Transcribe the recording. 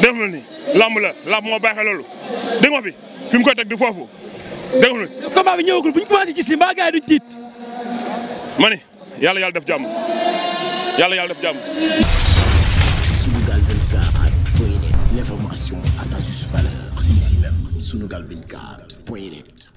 dégg nga ni lamb la la moo baaxee loolu dégg nga bi fi mu koy teg di foofu dégg nga. combat bi ñëwagul bu ñu commencé gis ni mbaa gars yi duñ tiit. ma ni yàlla yàlla def jàmm yàlla yàlla def jàmm. Sunugal 24 point net